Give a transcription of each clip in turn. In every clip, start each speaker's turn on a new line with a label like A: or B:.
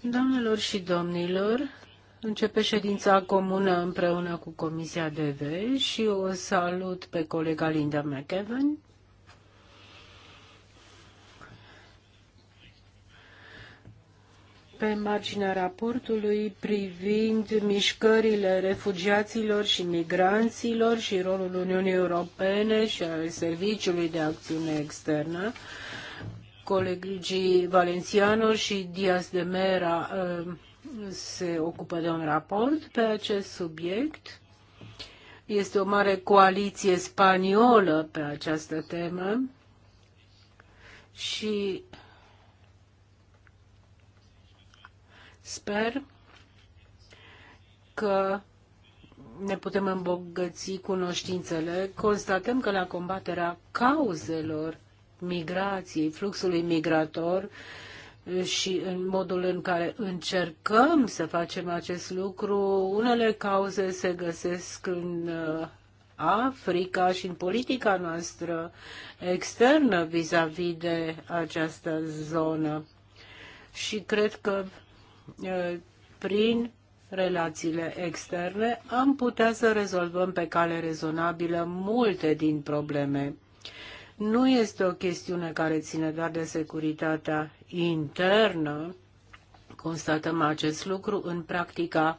A: Doamnelor și domnilor, începe ședința comună împreună cu Comisia DV și o salut pe colega Linda McEwen. pe marginea raportului privind mișcările refugiaților și migranților și rolul Uniunii Europene și al Serviciului de Acțiune Externă. Colegii Valenciano și Dias de Mera uh, se ocupă de un raport pe acest subiect. Este o mare coaliție spaniolă pe această temă și Sper că ne putem îmbogăți cunoștințele, constatăm că la combaterea cauzelor migrației, fluxului migrator și în modul în care încercăm să facem acest lucru, unele cauze se găsesc în uh, Africa și în politica noastră externă vis-a-vis -vis de această zonă. Și cred că Uh, prin relațiile externe am putea să rezolvăm pe cale rezonabilă multe din probleme. Nu este o chestiune care ține doar de securitatea internă, constatăm acest lucru în practica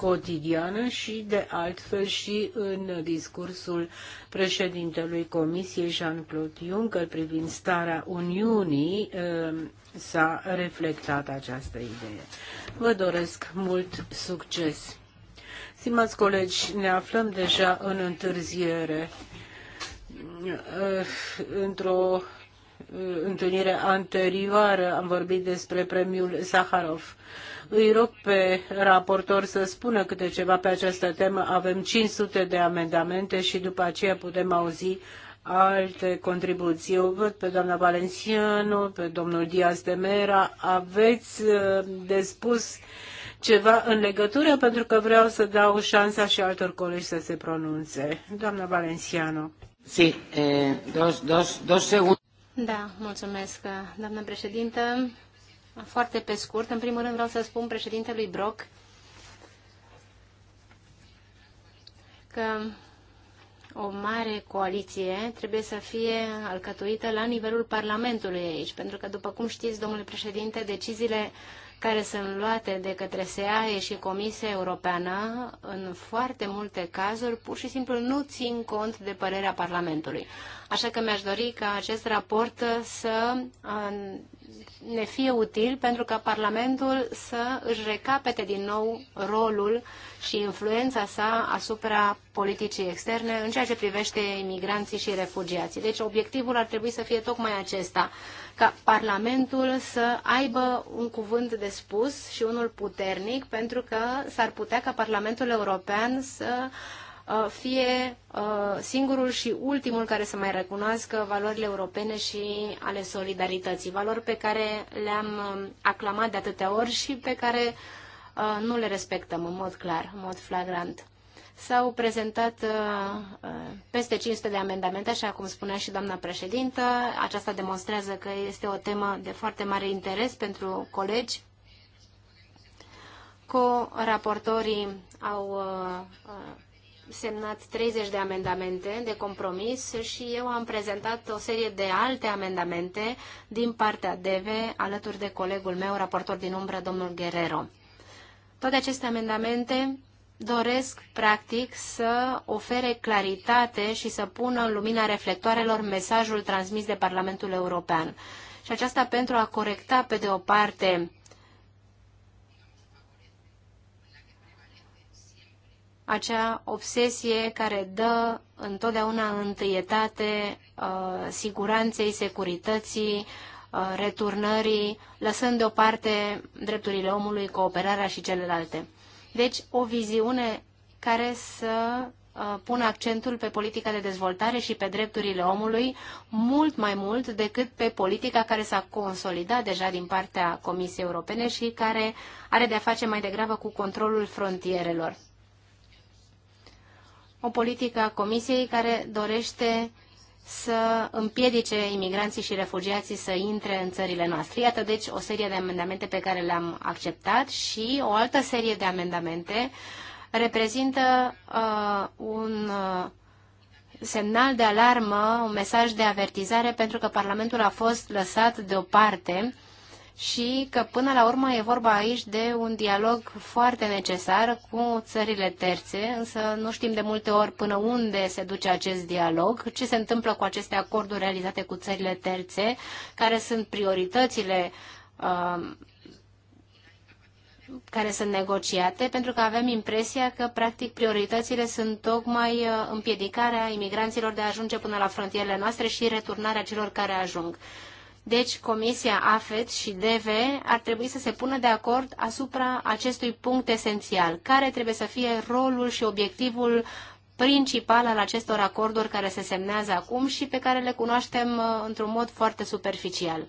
A: cotidiană și de altfel și în discursul președintelui Comisiei Jean-Claude Juncker privind starea Uniunii um, s-a reflectat această idee. Vă doresc mult succes! Stimați colegi, ne aflăm deja în întârziere uh, într-o întâlnire anterioară am vorbit despre premiul Saharov. Îi rog pe raportor să spună câte ceva pe această temă. Avem 500 de amendamente și după aceea putem auzi alte contribuții. Eu văd pe doamna Valenciano, pe domnul Diaz de Mera. Aveți uh, de spus ceva în legătură pentru că vreau să dau șansa și altor colegi să se pronunțe. Doamna Valenciano. Sí, eh, dos, dos, dos segundos.
B: Da, mulțumesc, doamnă președintă. Foarte pe scurt, în primul rând vreau să spun președintelui Brock că o mare coaliție trebuie să fie alcătuită la nivelul Parlamentului aici, pentru că, după cum știți, domnule președinte, deciziile care sunt luate de către SEAE și Comisia Europeană, în foarte multe cazuri, pur și simplu nu țin cont de părerea Parlamentului. Așa că mi-aș dori ca acest raport să ne fie util pentru ca Parlamentul să își recapete din nou rolul și influența sa asupra politicii externe în ceea ce privește imigranții și refugiații. Deci obiectivul ar trebui să fie tocmai acesta ca Parlamentul să aibă un cuvânt de spus și unul puternic, pentru că s-ar putea ca Parlamentul European să uh, fie uh, singurul și ultimul care să mai recunoască valorile europene și ale solidarității, valori pe care le-am uh, aclamat de atâtea ori și pe care nu le respectăm în mod clar, în mod flagrant. S-au prezentat uh, uh peste 500 de amendamente, așa cum spunea și doamna președintă. Aceasta demonstrează că este o temă de foarte mare interes pentru colegi. Co-raportorii au uh, uh semnat 30 de amendamente de compromis și eu am prezentat o serie de alte amendamente din partea DEVE alături de colegul meu, raportor din umbră, domnul Guerrero. Toate aceste amendamente doresc, practic, să ofere claritate și să pună în lumina reflectoarelor mesajul transmis de Parlamentul European. Și aceasta pentru a corecta, pe de o parte, acea obsesie care dă întotdeauna întâietate uh, siguranței, securității, uh, returnării, lăsând deoparte drepturile omului, cooperarea și celelalte. Deci, o viziune care să uh, pun accentul pe politica de dezvoltare și pe drepturile omului mult mai mult decât pe politica care s-a consolidat deja din partea Comisiei Europene și care are de-a face mai degrabă cu controlul frontierelor. O politică a Comisiei care dorește să împiedice imigranții și refugiații să intre în țările noastre. Iată, deci, o serie de amendamente pe care le-am acceptat și o altă serie de amendamente reprezintă uh, un uh, semnal de alarmă, un mesaj de avertizare pentru că Parlamentul a fost lăsat deoparte și că până la urmă e vorba aici de un dialog foarte necesar cu țările terțe, însă nu știm de multe ori până unde se duce acest dialog, ce se întâmplă cu aceste acorduri realizate cu țările terțe, care sunt prioritățile uh, care sunt negociate, pentru că avem impresia că, practic, prioritățile sunt tocmai uh, împiedicarea imigranților de a ajunge până la frontierele noastre și returnarea celor care ajung. Deci, Comisia AFET și DV ar trebui să se pună de acord asupra acestui punct esențial, care trebuie să fie rolul și obiectivul principal al acestor acorduri care se semnează acum și pe care le cunoaștem uh, într-un mod foarte superficial.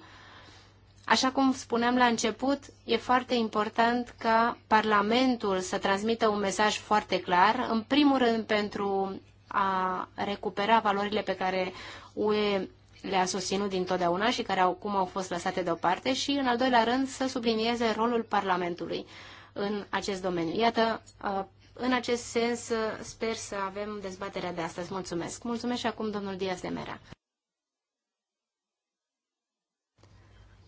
B: Așa cum spuneam la început, e foarte important ca Parlamentul să transmită un mesaj foarte clar, în primul rând pentru a recupera valorile pe care UE le-a susținut dintotdeauna și care au, cum au fost lăsate deoparte și, în al doilea rând, să sublinieze rolul Parlamentului în acest domeniu. Iată, uh, în acest sens, uh, sper să avem dezbaterea de astăzi. Mulțumesc. Mulțumesc și acum domnul Diaz de Mera.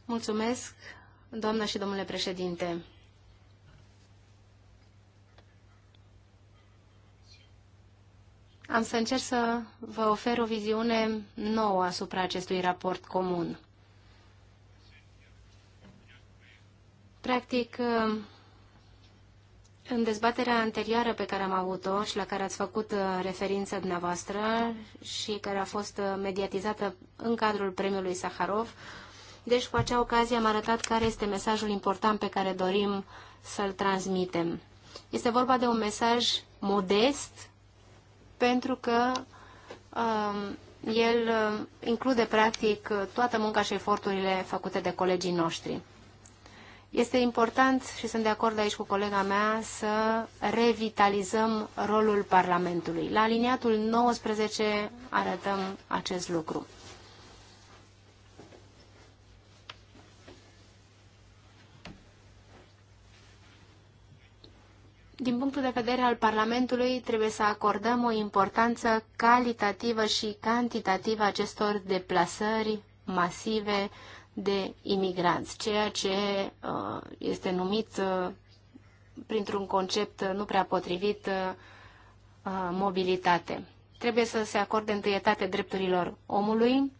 B: Mulțumesc, doamnă și domnule președinte. Am să încerc să vă ofer o viziune nouă asupra acestui raport comun. Practic, în dezbaterea anterioară pe care am avut-o și la care ați făcut uh, referință dumneavoastră și care a fost uh, mediatizată în cadrul premiului Saharov, deci cu acea ocazie am arătat care este mesajul important pe care dorim să-l transmitem. Este vorba de un mesaj modest, pentru că um, el uh, include practic toată munca și eforturile făcute de colegii noștri. Este important, și sunt de acord aici cu colega mea, să revitalizăm rolul Parlamentului. La aliniatul 19 arătăm acest lucru. din punctul de vedere al Parlamentului, trebuie să acordăm o importanță calitativă și cantitativă acestor deplasări masive de imigranți, ceea ce uh, este numit uh, printr-un concept nu prea potrivit uh, mobilitate. Trebuie să se acorde întâietate drepturilor omului,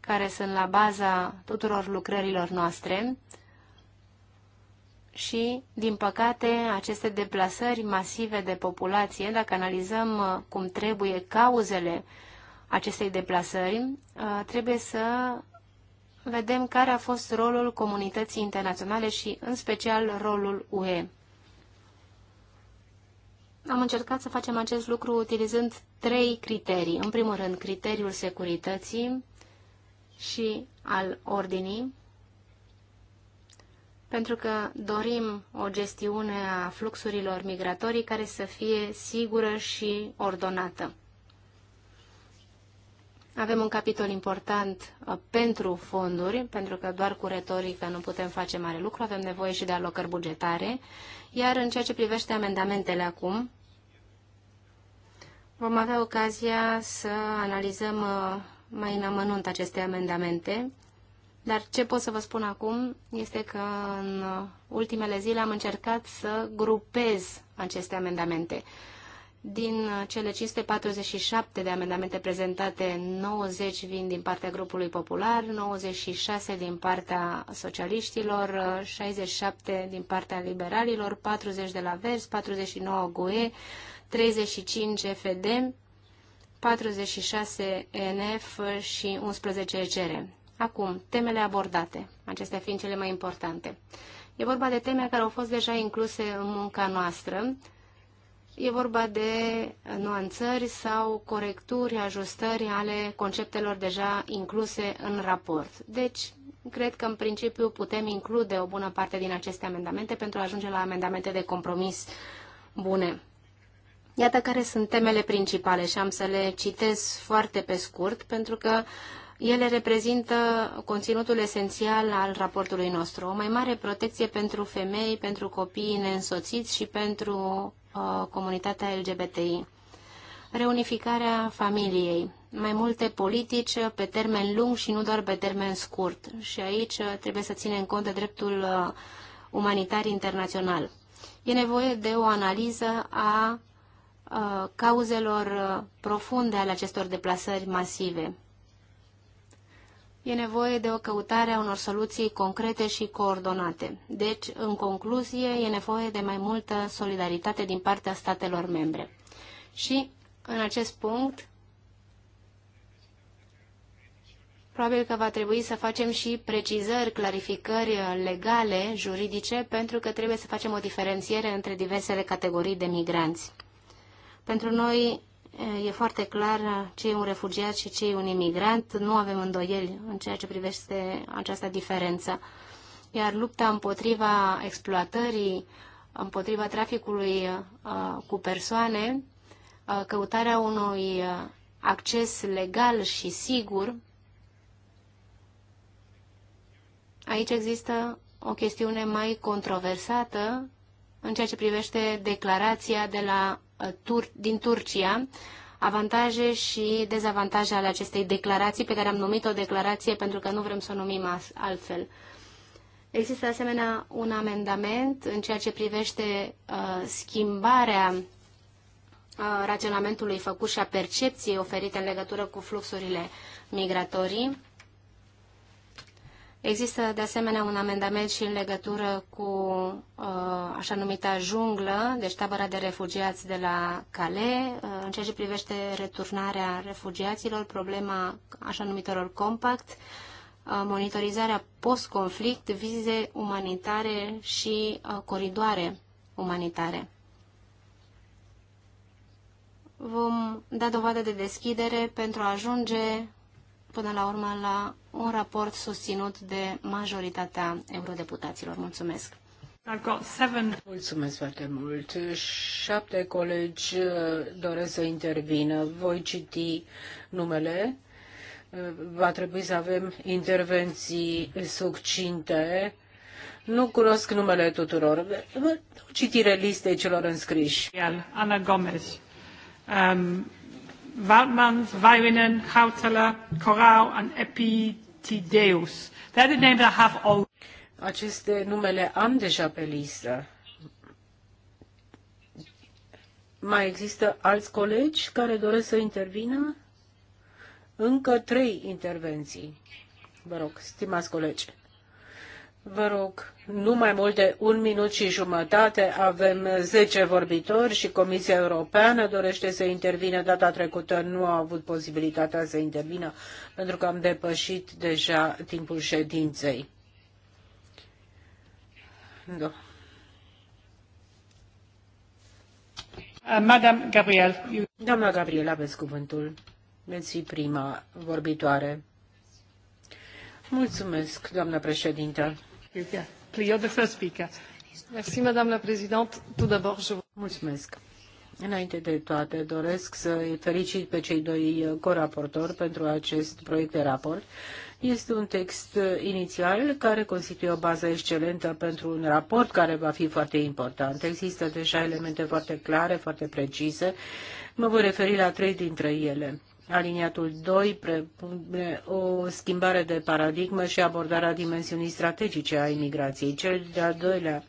B: care sunt la baza tuturor lucrărilor noastre, și, din păcate, aceste deplasări masive de populație, dacă analizăm uh, cum trebuie cauzele acestei deplasări, uh, trebuie să vedem care a fost rolul comunității internaționale și, în special, rolul UE. Am încercat să facem acest lucru utilizând trei criterii. În primul rând, criteriul securității și al ordinii, pentru că dorim o gestiune a fluxurilor migratorii care să fie sigură și ordonată. Avem un capitol important uh, pentru fonduri, pentru că doar cu retorică nu putem face mare lucru, avem nevoie și de alocări bugetare, iar în ceea ce privește amendamentele acum, vom avea ocazia să analizăm uh, mai în amănunt aceste amendamente dar ce pot să vă spun acum este că în ultimele zile am încercat să grupez aceste amendamente. Din cele 547 de amendamente prezentate, 90 vin din partea grupului popular, 96 din partea socialiștilor, 67 din partea liberalilor, 40 de la Vers, 49 GUE, 35 FD, 46 NF și 11 ECR. Acum, temele abordate, acestea fiind cele mai importante. E vorba de teme care au fost deja incluse în munca noastră. E vorba de nuanțări sau corecturi, ajustări ale conceptelor deja incluse în raport. Deci, cred că în principiu putem include o bună parte din aceste amendamente pentru a ajunge la amendamente de compromis bune. Iată care sunt temele principale și am să le citesc foarte pe scurt, pentru că uh, ele reprezintă conținutul esențial al raportului nostru. O mai mare protecție pentru femei, pentru copiii neînsoțiți și pentru uh, comunitatea LGBTI. Reunificarea familiei. Mai multe politici pe termen lung și nu doar pe termen scurt. Și aici uh, trebuie să ținem cont de dreptul uh, umanitar internațional. E nevoie de o analiză a uh, cauzelor uh, profunde ale acestor deplasări masive e nevoie de o căutare a unor soluții concrete și coordonate. Deci, în concluzie, e nevoie de mai multă solidaritate din partea statelor membre. Și, în acest punct, probabil că va trebui să facem și precizări, clarificări legale, juridice, pentru că trebuie să facem o diferențiere între diversele categorii de migranți. Pentru noi, e foarte clar ce e un refugiat și ce e un imigrant. Nu avem îndoieli în ceea ce privește această diferență. Iar lupta împotriva exploatării, împotriva traficului uh, cu persoane, uh, căutarea unui uh, acces legal și sigur, aici există o chestiune mai controversată în ceea ce privește declarația de la Uh, Tur- din Turcia avantaje și dezavantaje ale acestei declarații, pe care am numit-o declarație pentru că nu vrem să o numim altfel. Există de asemenea un amendament în ceea ce privește uh, schimbarea uh, raționamentului făcut și a percepției oferite în legătură cu fluxurile migratorii. Există de asemenea un amendament și în legătură cu uh, așa numita junglă, deci tabăra de refugiați de la Calais, uh, în ceea ce privește returnarea refugiaților, problema așa numitorilor compact, uh, monitorizarea post-conflict, vize umanitare și coridoare umanitare. Vom da dovadă de deschidere pentru a ajunge până la urmă la un raport susținut de majoritatea
A: eurodeputaților. Mulțumesc! Mulțumesc foarte mult. Șapte colegi uh, doresc să intervină. Voi citi numele. Uh, va trebui să avem intervenții succinte. Nu cunosc numele tuturor. citire listei celor înscriși. Ana Gomez, um, Waldmans, Weiwinen, Hautala, Corau and Epitideus. They're the names I have all. Aceste numele am deja pe listă. Mai există alți colegi care doresc să intervină? Încă trei intervenții. Vă rog, stimați colegi. Vă rog nu mai mult de un minut și jumătate. Avem 10 vorbitori și Comisia Europeană dorește să intervină. Data trecută nu a avut posibilitatea să intervină pentru că am depășit deja timpul ședinței. Da. Uh, Madame Gabriel. You... Doamna Gabriel, aveți cuvântul. Veți fi prima vorbitoare. Mulțumesc, doamnă președintă. Yeah. Mulțumesc. Înainte de toate, doresc să felicit pe cei doi uh, coraportori pentru acest proiect de raport. Este un text uh, inițial care constituie o bază excelentă pentru un raport care va fi foarte important. Există deja elemente foarte clare, foarte precise. Mă voi referi la trei dintre ele aliniatul 2 prepune o schimbare de paradigmă și abordarea dimensiunii strategice a imigrației. Cel de-al doilea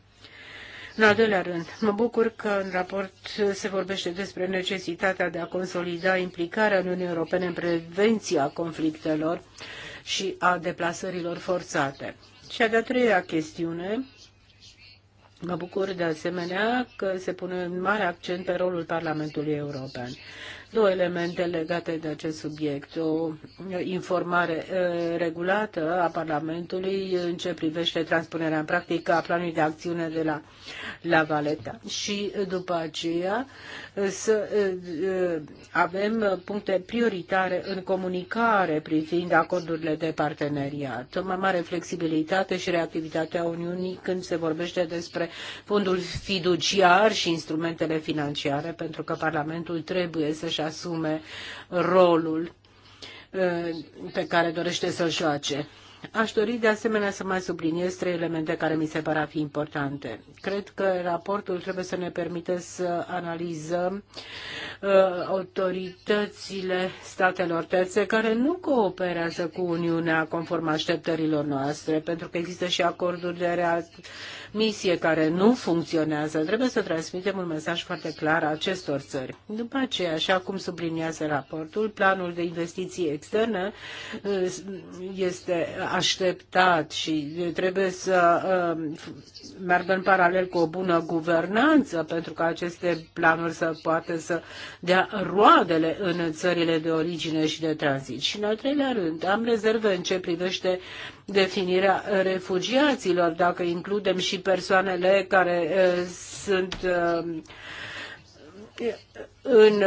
A: în al doilea rând, mă bucur că în raport se vorbește despre necesitatea de a consolida implicarea Uniunii Europene în prevenția conflictelor și a deplasărilor forțate. Și a de-a treia chestiune Mă bucur de asemenea că se pune un mare accent pe rolul Parlamentului European. Două elemente legate de acest subiect. O informare regulată a Parlamentului în ce privește transpunerea în practică a planului de acțiune de la, la Valeta. Și după aceea să avem puncte prioritare în comunicare privind acordurile de parteneriat. O mai mare flexibilitate și reactivitatea Uniunii când se vorbește despre fondul fiduciar și instrumentele financiare, pentru că Parlamentul trebuie să-și asume rolul uh, pe care dorește să-l joace. Aș dori de asemenea să mai subliniez trei elemente care mi se par a fi importante. Cred că raportul trebuie să ne permită să analizăm uh, autoritățile statelor terțe care nu cooperează cu Uniunea conform așteptărilor noastre, pentru că există și acorduri de misie care nu funcționează. Trebuie să transmitem un mesaj foarte clar acestor țări. După aceea, așa cum subliniază raportul, planul de investiții externe uh, este așteptat și trebuie să um, meargă în paralel cu o bună guvernanță pentru ca aceste planuri să poată să dea roadele în țările de origine și de tranzit. Și în al treilea rând, am rezerve în ce privește definirea refugiaților, dacă includem și persoanele care uh, sunt um, în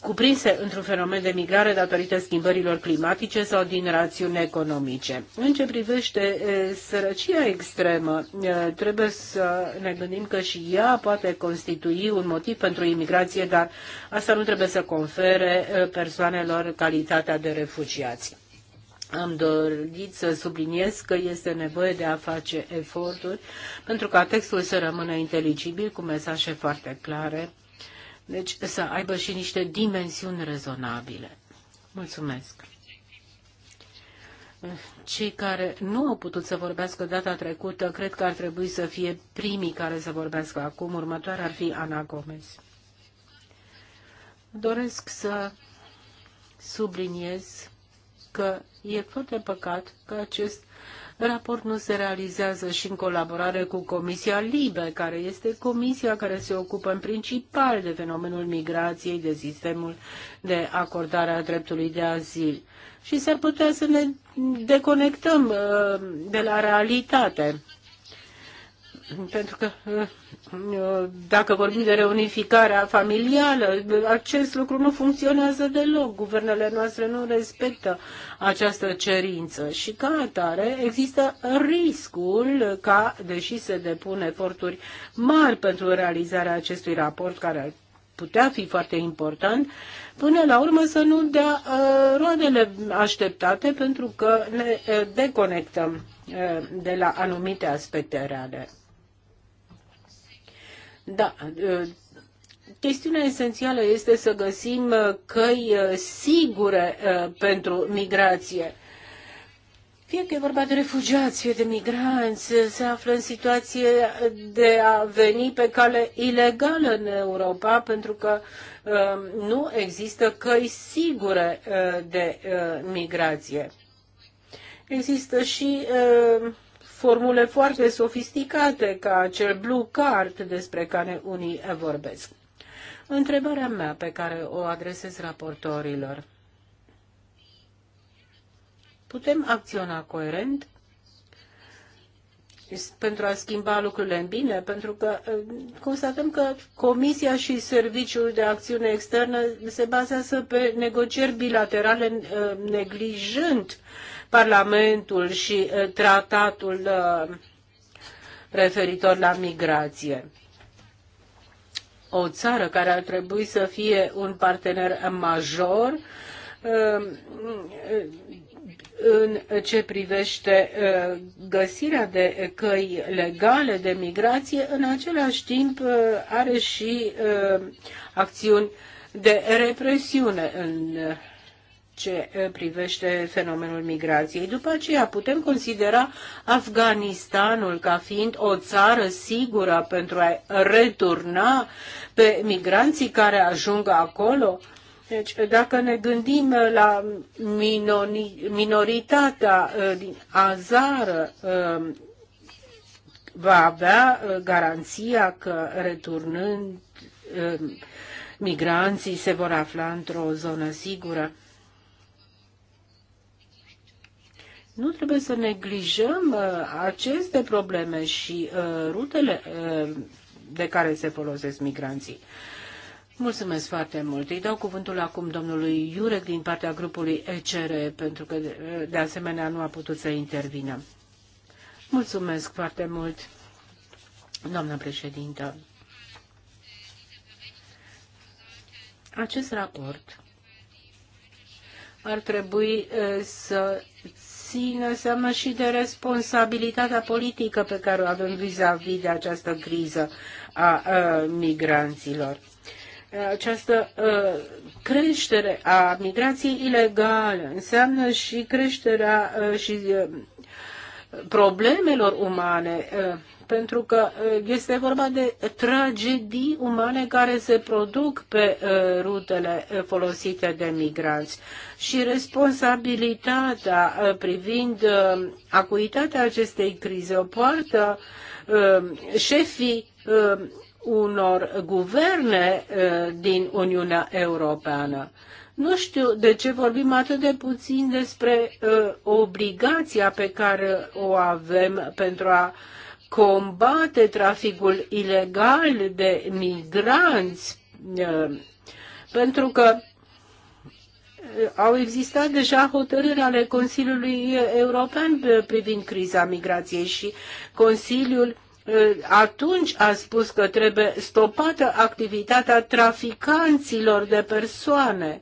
A: cuprinse într-un fenomen de migrare datorită schimbărilor climatice sau din rațiuni economice. În ce privește sărăcia extremă, trebuie să ne gândim că și ea poate constitui un motiv pentru imigrație, dar asta nu trebuie să confere persoanelor calitatea de refugiați. Am dorit să subliniez că este nevoie de a face eforturi pentru ca textul să rămână inteligibil cu mesaje foarte clare deci să aibă și niște dimensiuni rezonabile. Mulțumesc! Cei care nu au putut să vorbească data trecută, cred că ar trebui să fie primii care să vorbească acum. Următoarea ar fi Ana Gomez. Doresc să subliniez că e foarte păcat că acest raport nu se realizează și în colaborare cu Comisia LIBE, care este comisia care se ocupă în principal de fenomenul migrației, de sistemul de acordare a dreptului de azil. Și s-ar putea să ne deconectăm uh, de la realitate pentru că uh, dacă vorbim de reunificarea familială, acest lucru nu funcționează deloc. Guvernele noastre nu respectă această cerință și ca atare există riscul ca, deși se depun eforturi mari pentru realizarea acestui raport care ar putea fi foarte important, până la urmă să nu dea uh, roadele așteptate pentru că ne uh, deconectăm de la anumite aspecte reale. Da, ă, chestiunea esențială este să găsim ă, căi ă, sigure pentru migrație. Fie că e vorba de refugiați, fie de migranți, se află în situație de a veni pe cale ilegală în Europa, pentru că nu există căi sigure de migrație. Există și uh, formule foarte sofisticate ca acel blue card despre care unii vorbesc. Întrebarea mea pe care o adresez raportorilor. Putem acționa coerent pentru a schimba lucrurile în bine, pentru că ă, constatăm că Comisia și Serviciul de Acțiune Externă se bazează pe negocieri bilaterale ă, neglijând uh, Parlamentul și uh, tratatul uh, referitor la migrație. O țară care ar trebui să fie un partener major uh, în ce privește găsirea de căi legale de migrație, în același timp are și acțiuni de represiune în ce eh, privește fenomenul migrației. După aceea putem considera Afganistanul ca fiind o țară sigură pentru a returna pe migranții care ajung acolo. Deci, dacă ne gândim la minoritatea eh, din Azar, eh, va avea garanția că returnând migranții se vor afla într-o zonă sigură. Nu trebuie să neglijăm uh, aceste probleme și uh, rutele uh, de care se folosesc migranții. Mulțumesc foarte mult. Îi dau cuvântul acum domnului Iurec din partea grupului ECR, pentru că de asemenea nu a putut să intervină. Mulțumesc foarte mult, doamnă președintă. Acest raport ar trebui să țină seama și de responsabilitatea politică pe care o avem vis-a-vis -vis de această criză a, a migranților. Această a, creștere a migrației ilegale înseamnă și creșterea a, și problemelor umane, pentru că este vorba de tragedii umane care se produc pe rutele folosite de migranți. Și responsabilitatea privind acuitatea acestei crize o poartă șefii unor guverne din Uniunea Europeană. Nu știu de ce vorbim atât de puțin despre uh, obligația pe care o avem pentru a combate traficul ilegal de migranți, uh, pentru că uh, au existat deja hotărâri ale Consiliului European uh, privind criza migrației și Consiliul uh, atunci a spus că trebuie stopată activitatea traficanților de persoane.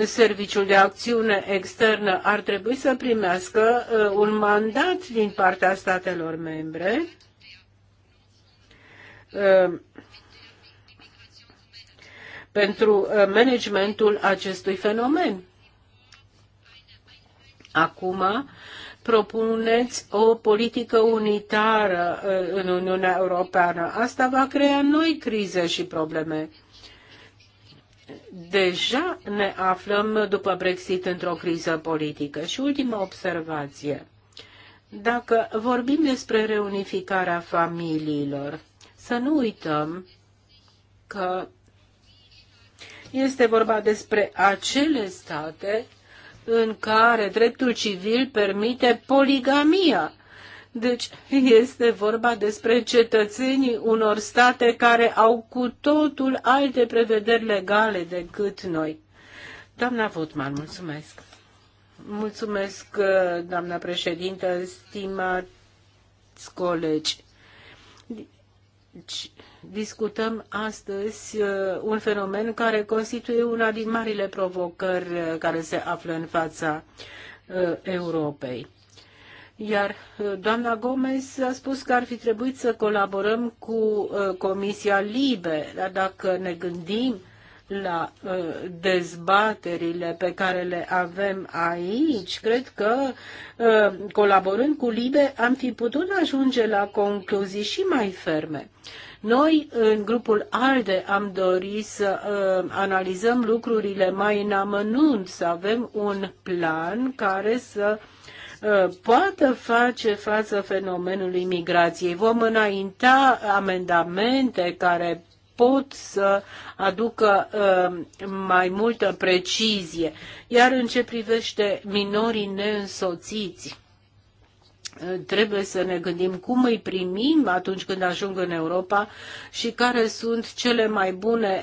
A: Serviciul de Acțiune Externă ar trebui să primească uh, un mandat din partea statelor membre uh, pentru uh, managementul acestui fenomen. Acum propuneți o politică unitară în Uniunea Europeană. Asta va crea noi crize și probleme deja ne aflăm după Brexit într-o criză politică. Și ultima observație. Dacă vorbim despre reunificarea familiilor, să nu uităm că este vorba despre acele state în care dreptul civil permite poligamia deci este vorba despre cetățenii unor state care au cu totul alte prevederi legale decât noi. Doamna Votman, mulțumesc. Mulțumesc, uh, doamna președintă, stimați colegi. Deci, discutăm astăzi uh, un fenomen care constituie una din marile provocări uh, care se află în fața Europei iar uh, doamna Gomez a spus că ar fi trebuit să colaborăm cu uh, Comisia Libe, dar dacă ne gândim la uh, dezbaterile pe care le avem aici, cred că colaborând cu Libe am fi putut ajunge la concluzii și mai ferme. Noi, în grupul ALDE, am dorit să uh, analizăm lucrurile mai în amănunt, să avem un plan care să Uh, poată face față fenomenului migrației. Vom înainta amendamente care pot să aducă uh, mai multă precizie. Iar în ce privește minorii neînsoțiți, trebuie să ne gândim cum îi primim atunci când ajung în Europa și care sunt cele mai bune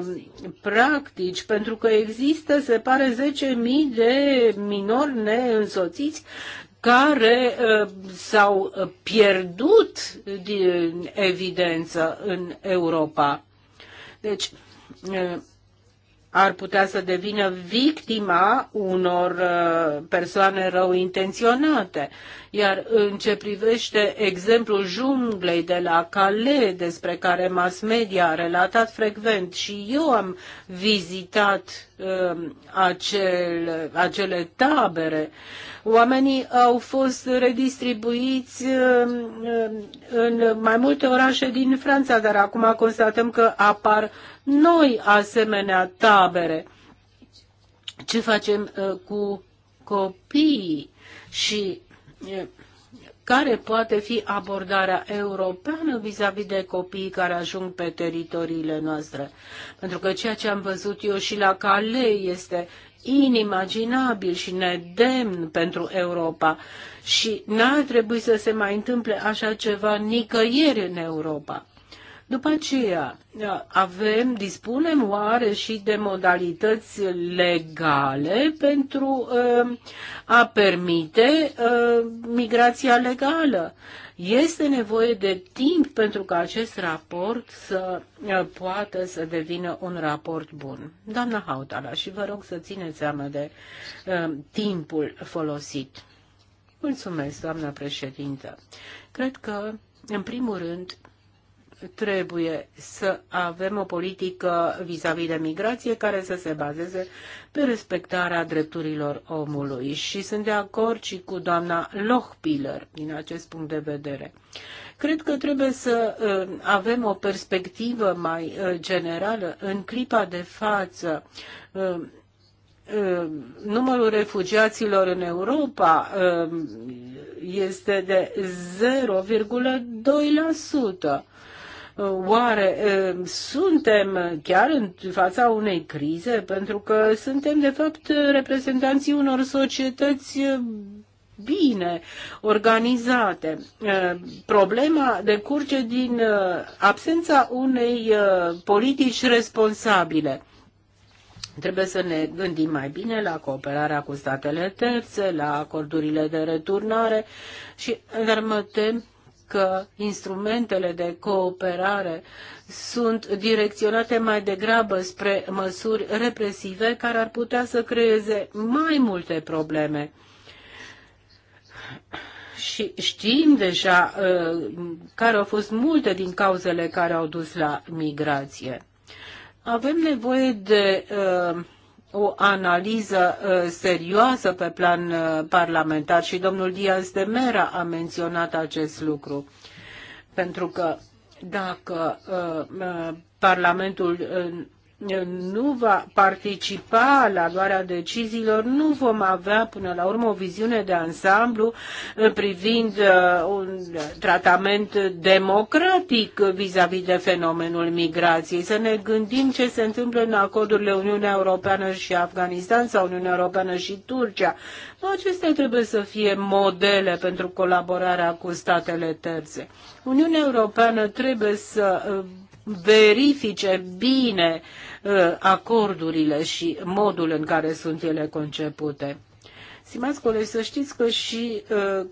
A: uh, practici, pentru că există, se pare, 10.000 de minori neînsoțiți care uh, s-au pierdut din evidență în Europa. Deci, uh, ar putea să devină victima unor uh, persoane rău intenționate. Iar în ce privește exemplul junglei de la Calais, despre care mass media a relatat frecvent, și eu am vizitat uh, acel, acele tabere, oamenii au fost redistribuiți uh, în mai multe orașe din Franța, dar acum constatăm că apar noi asemenea tabere. Ce facem uh, cu copiii și uh, care poate fi abordarea europeană vis-a-vis -vis de copiii care ajung pe teritoriile noastre. Pentru că ceea ce am văzut eu și la Calais este inimaginabil și nedemn pentru Europa și n-ar trebui să se mai întâmple așa ceva nicăieri în Europa. După aceea, avem, dispunem oare și de modalități legale pentru uh, a permite uh, migrația legală? Este nevoie de timp pentru ca acest raport să uh, poată să devină un raport bun. Doamna Hautala, și vă rog să țineți seama de uh, timpul folosit. Mulțumesc, doamna președintă. Cred că, în primul rând, trebuie să avem o politică vis-a-vis -vis de migrație care să se bazeze pe respectarea drepturilor omului. Și sunt de acord și cu doamna Lochpiller din acest punct de vedere. Cred că trebuie să uh, avem o perspectivă mai uh, generală în clipa de față uh, numărul refugiaților în Europa este de 0,2%. Uh, oare uh, suntem chiar în fața unei crize? Pentru că suntem, de fapt, reprezentanții unor societăți uh, bine organizate. Problema decurge din absența unei politici responsabile. Trebuie să ne gândim mai bine la cooperarea cu statele terțe, la acordurile de returnare, și, dar mă tem că instrumentele de cooperare sunt direcționate mai degrabă spre măsuri represive care ar putea să creeze mai multe probleme. Și știm deja uh, care au fost multe din cauzele care au dus la migrație. Avem nevoie de uh, o analiză uh, serioasă pe plan uh, parlamentar și domnul Diaz de Mera a menționat acest lucru. Pentru că dacă uh, Parlamentul nu va participa la luarea deciziilor, nu vom avea până la urmă o viziune de ansamblu privind uh, un tratament democratic vis-a-vis -vis de fenomenul migrației. Să ne gândim ce se întâmplă în acordurile Uniunea Europeană și Afganistan sau Uniunea Europeană și Turcia. Acestea trebuie să fie modele pentru colaborarea cu statele terțe. Uniunea Europeană trebuie să uh, verifice bine uh, acordurile și modul în care sunt ele concepute. Stimați colegi, să știți că și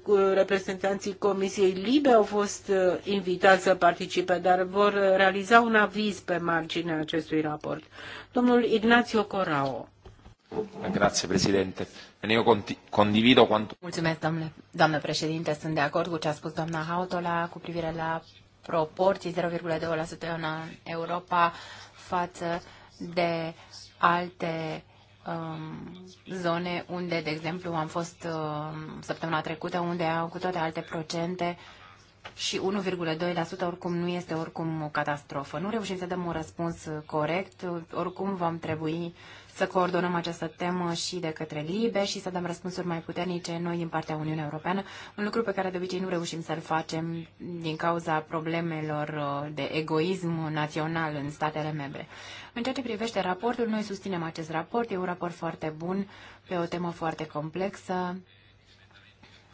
A: uh, reprezentanții Comisiei Libe au fost uh, invitați să participe, dar vor realiza un aviz pe marginea acestui raport. Domnul Ignazio Corao.
C: Grazie, președinte. Eu condivido quanto... Mulțumesc, domnule, doamnă președinte. Sunt de acord cu ce a spus doamna Hautola cu privire la proporții, 0,2% în uh, Europa față de alte um, zone unde, de exemplu, am fost um, săptămâna trecută, unde au cu toate alte procente și 1,2% oricum nu este oricum o catastrofă. Nu reușim să dăm un răspuns uh, corect, oricum vom trebui uh, să coordonăm această temă și de către LIBE și să dăm răspunsuri mai puternice noi din partea Uniunii Europeană, un lucru pe care de obicei nu reușim să-l facem din cauza problemelor uh, de egoism național în statele membre. În ceea ce privește raportul, noi susținem acest raport, e un raport foarte bun pe o temă foarte complexă.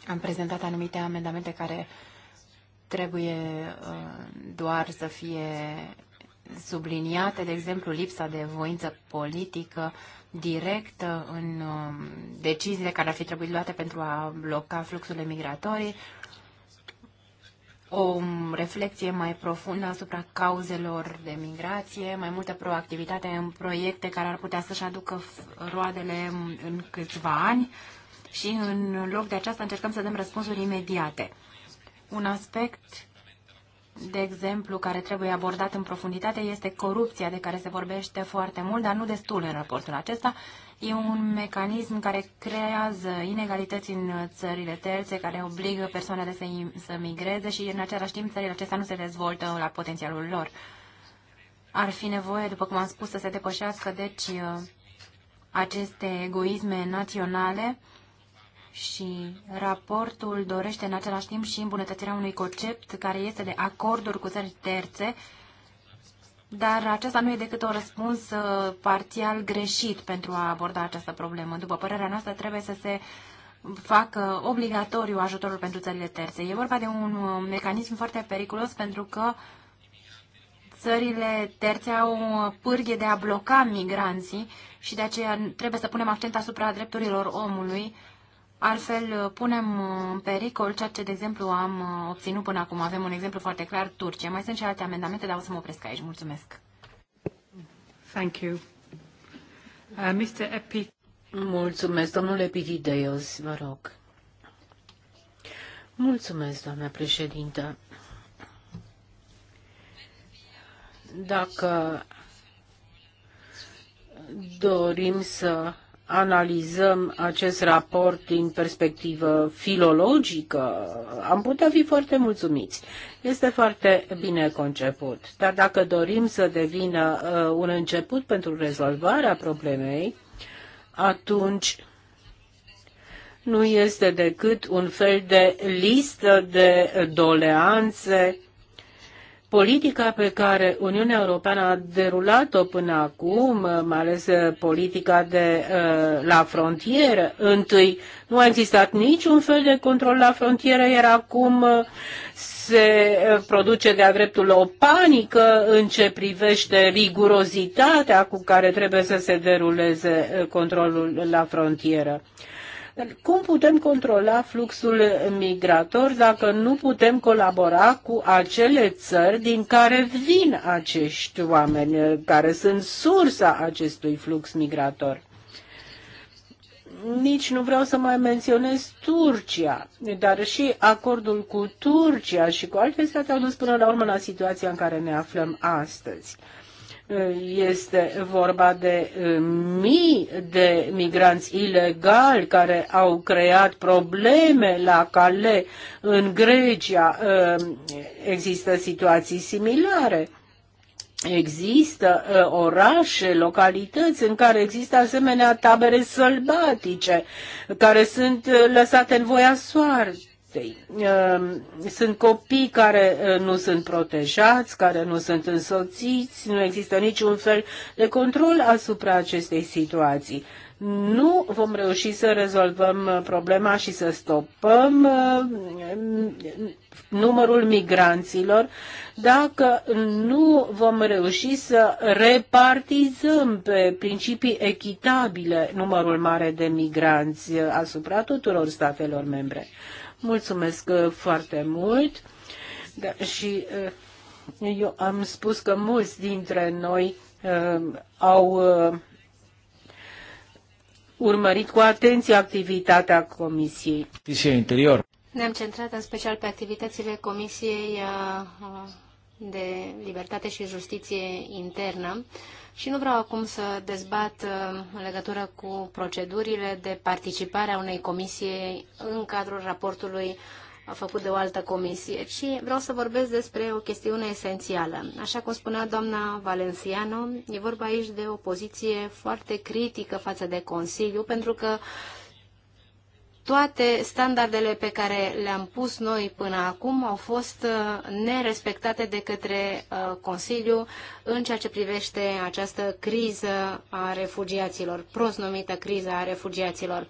C: Am prezentat anumite amendamente care trebuie uh, doar să fie subliniate, de exemplu, lipsa de voință politică directă în um, deciziile care ar fi trebuit luate pentru a bloca fluxurile migratorii, o reflexie mai profundă asupra cauzelor de migrație, mai multă proactivitate în proiecte care ar putea să-și aducă roadele în câțiva ani și în loc de aceasta încercăm să dăm răspunsuri imediate. Un aspect de exemplu, care trebuie abordat în profunditate este corupția, de care se vorbește foarte mult, dar nu destul în raportul acesta. E un mecanism care creează inegalități în țările terțe, care obligă persoanele să, să migreze și, în același timp, țările acestea nu se dezvoltă la potențialul lor. Ar fi nevoie, după cum am spus, să se depășească, deci, uh, aceste egoisme naționale și raportul dorește în același timp și îmbunătățirea unui concept care este de acorduri cu țări terțe, dar aceasta nu e decât un răspuns uh, parțial greșit pentru a aborda această problemă. După părerea noastră, trebuie să se facă obligatoriu ajutorul pentru țările terțe. E vorba de un uh, mecanism foarte periculos pentru că țările terțe au o uh, pârghie de a bloca migranții și de aceea trebuie să punem accent asupra drepturilor omului Altfel, uh, punem uh, în pericol ceea ce, de exemplu, am uh, obținut până acum. Avem un exemplu foarte clar, Turcia. Mai sunt și alte amendamente, dar o să mă opresc aici. Mulțumesc.
A: Thank you. Uh, Mr. Epi... Mulțumesc, domnule Epitideos, vă rog. Mulțumesc, doamna președintă. Dacă dorim să analizăm acest raport din perspectivă filologică, am putea fi foarte mulțumiți. Este foarte bine conceput, dar dacă dorim să devină uh, un început pentru rezolvarea problemei, atunci nu este decât un fel de listă de doleanțe politica pe care Uniunea Europeană a derulat-o până acum, mai ales uh, politica de uh, la frontieră, întâi nu a existat niciun fel de control la frontieră, iar acum uh, se produce de-a dreptul o panică în ce privește rigurozitatea cu care trebuie să se deruleze controlul la frontieră. Cum putem controla fluxul migrator dacă nu putem colabora cu acele țări din care vin acești oameni, care sunt sursa acestui flux migrator? nici nu vreau să mai menționez Turcia, dar și acordul cu Turcia și cu alte state au dus până la urmă la situația în care ne aflăm astăzi. Este vorba de mii de migranți ilegali care au creat probleme la cale. În Grecia există situații similare. Există orașe, localități în care există asemenea tabere sălbatice care sunt lăsate în voia soartei Um, sunt copii care uh, nu sunt protejați, care nu sunt însoțiți, nu există niciun fel de control asupra acestei situații. Nu vom reuși să rezolvăm uh, problema și să stopăm uh, um, numărul migranților dacă nu vom reuși să repartizăm pe principii echitabile numărul mare de migranți asupra tuturor statelor membre. Mulțumesc uh, foarte mult da, și uh, eu am spus că mulți dintre noi uh, au uh, urmărit cu atenție activitatea Comisiei. Comisiei Interior.
B: Ne-am centrat în special pe activitățile Comisiei uh, de Libertate și Justiție Internă și nu vreau acum să dezbat uh, în legătură cu procedurile de participare a unei comisie în cadrul raportului uh, făcut de o altă comisie, ci vreau să vorbesc despre o chestiune esențială. Așa cum spunea doamna Valenciano, e vorba aici de o poziție foarte critică față de Consiliu, pentru că uh, toate standardele pe care le-am pus noi până acum au fost uh, nerespectate de către uh, Consiliu în ceea ce privește această criză a refugiaților, prost numită criza a refugiaților.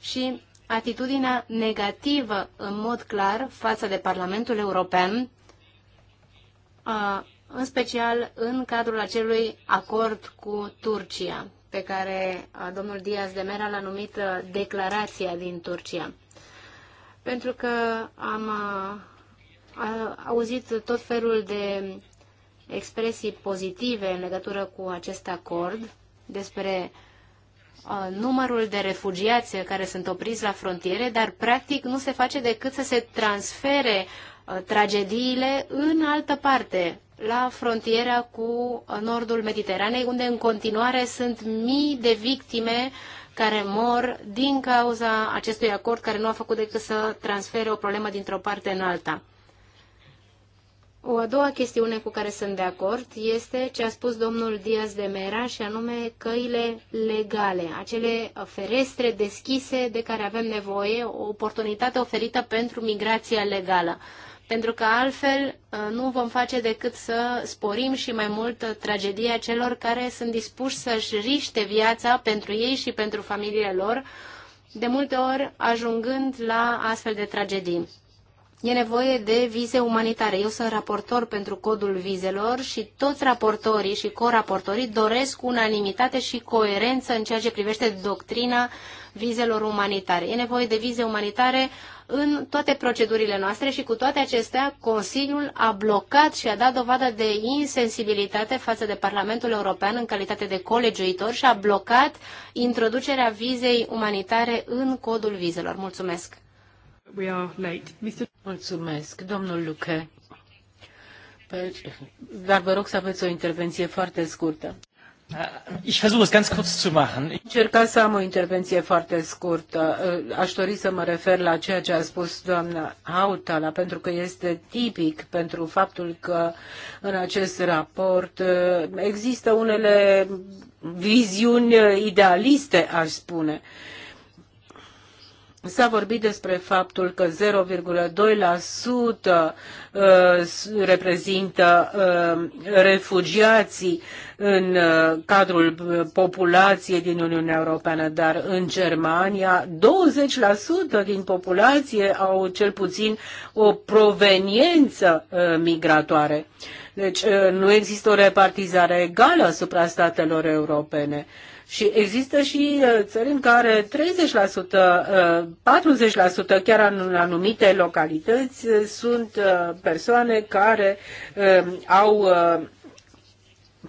B: Și atitudinea negativă în mod clar față de Parlamentul European, uh, în special în cadrul acelui acord cu Turcia pe care domnul Diaz de Mera l-a numit uh, declarația din Turcia. Pentru că am uh, auzit tot felul de expresii pozitive în legătură cu acest acord despre uh, numărul de refugiați care sunt opriți la frontiere, dar practic nu se face decât să se transfere tragediile în altă parte, la frontiera cu uh, nordul Mediteranei, unde în continuare sunt mii de victime care mor din cauza acestui acord care nu a făcut decât să transfere o problemă dintr-o parte în alta. O a doua chestiune cu care sunt de acord este ce a spus domnul Diaz de Mera și anume căile legale, acele uh, ferestre deschise de care avem nevoie, o oportunitate oferită pentru migrația legală pentru că altfel uh, nu vom face decât să sporim și mai mult uh, tragedia celor care sunt dispuși să-și riște viața pentru ei și pentru familiile lor, de multe ori ajungând la astfel de tragedii. E nevoie de vize umanitare. Eu sunt raportor pentru codul vizelor și toți raportorii și coraportorii doresc unanimitate și coerență în ceea ce privește doctrina vizelor umanitare. E nevoie de vize umanitare în toate procedurile noastre și cu toate acestea Consiliul a blocat și a dat dovadă de insensibilitate față de Parlamentul European în calitate de colegiuitor și a blocat introducerea vizei umanitare în
A: codul vizelor. Mulțumesc! We are late. Mr. Mulțumesc, domnul Luque. Dar vă rog să aveți o intervenție foarte scurtă. Äh, ich versuche es
C: ganz kurz zu machen.
A: Încerca să am o intervenție foarte scurtă. Äh, aș dori să mă refer la ceea ce a spus doamna Hautala, pentru că este tipic pentru faptul că în acest raport äh, există unele viziuni idealiste, aș spune. Uh, S-a vorbit despre faptul că 0,2% uh, reprezintă uh, refugiații în uh, cadrul populației din Uniunea Europeană, dar în Germania 20% din populație au cel puțin o proveniență migratoare. Deci uh, nu există o repartizare egală asupra statelor europene. Și există și uh, țări în care 30%, 40%, uh, chiar în anumite localități, sunt persoane care au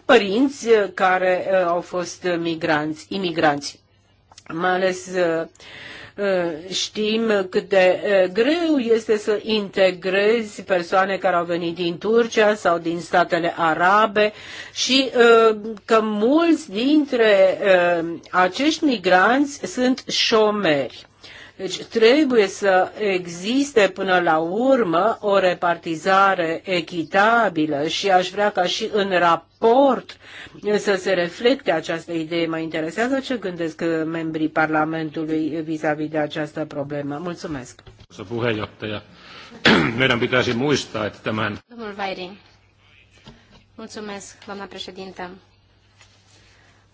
A: părinți care au fost migranți, imigranți. Mai ales Eh, știm cât de eh, greu este să integrezi persoane care au venit din Turcia sau din statele arabe și eh, că mulți dintre acești migranți sunt șomeri. Deci trebuie să existe până la urmă o repartizare echitabilă și aș vrea ca și în raport să se reflecte această idee. Mă interesează ce gândesc membrii Parlamentului vis-a-vis -vis de această problemă. Mulțumesc.
B: Domnul Vairi. Mulțumesc, doamna președintă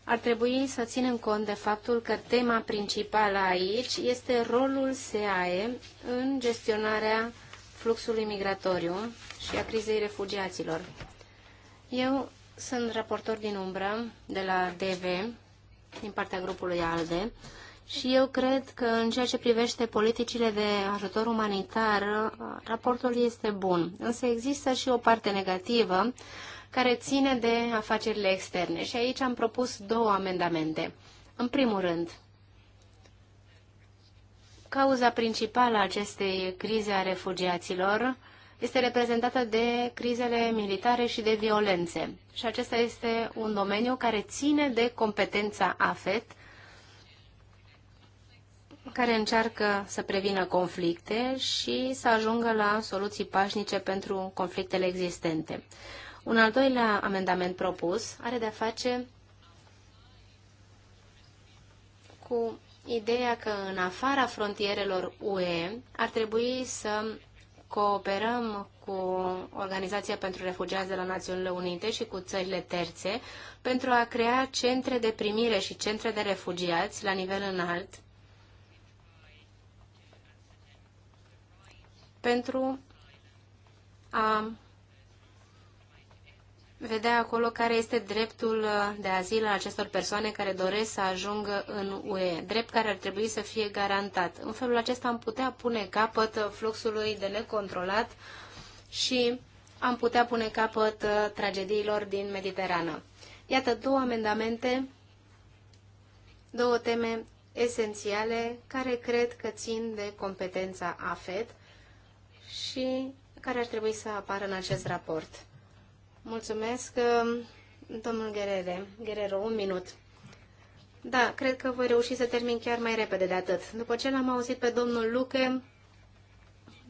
B: ar trebui să ținem cont de faptul că tema principală aici este rolul SAE în gestionarea fluxului migratoriu și a crizei refugiaților. Eu sunt raportor din umbră de la DV, din partea grupului ALDE, și eu cred că în ceea ce privește politicile de ajutor umanitar, raportul este bun. Însă există și o parte negativă care ține de afacerile externe. Și aici am propus două amendamente. În primul rând, cauza principală a acestei crize a refugiaților este reprezentată de crizele militare și de violențe. Și acesta este un domeniu care ține de competența AFET, care încearcă să prevină conflicte și să ajungă la soluții pașnice pentru conflictele existente. Un al doilea amendament propus are de-a face cu ideea că în afara frontierelor UE ar trebui să cooperăm cu Organizația pentru Refugiați de la Națiunile Unite și cu țările terțe pentru a crea centre de primire și centre de refugiați la nivel înalt pentru a vedea acolo care este dreptul uh, de azil al acestor persoane care doresc să ajungă în UE, drept care ar trebui să fie garantat. În felul acesta am putea pune capăt uh, fluxului de necontrolat și am putea pune capăt uh, tragediilor din Mediterană. Iată două amendamente, două teme esențiale care cred că țin de competența AFET și care ar trebui să apară în acest raport. Mulțumesc, um, domnul Gherere. Gherero, un minut. Da, cred că voi reuși să termin chiar mai repede de atât. După ce l-am auzit pe domnul Luke,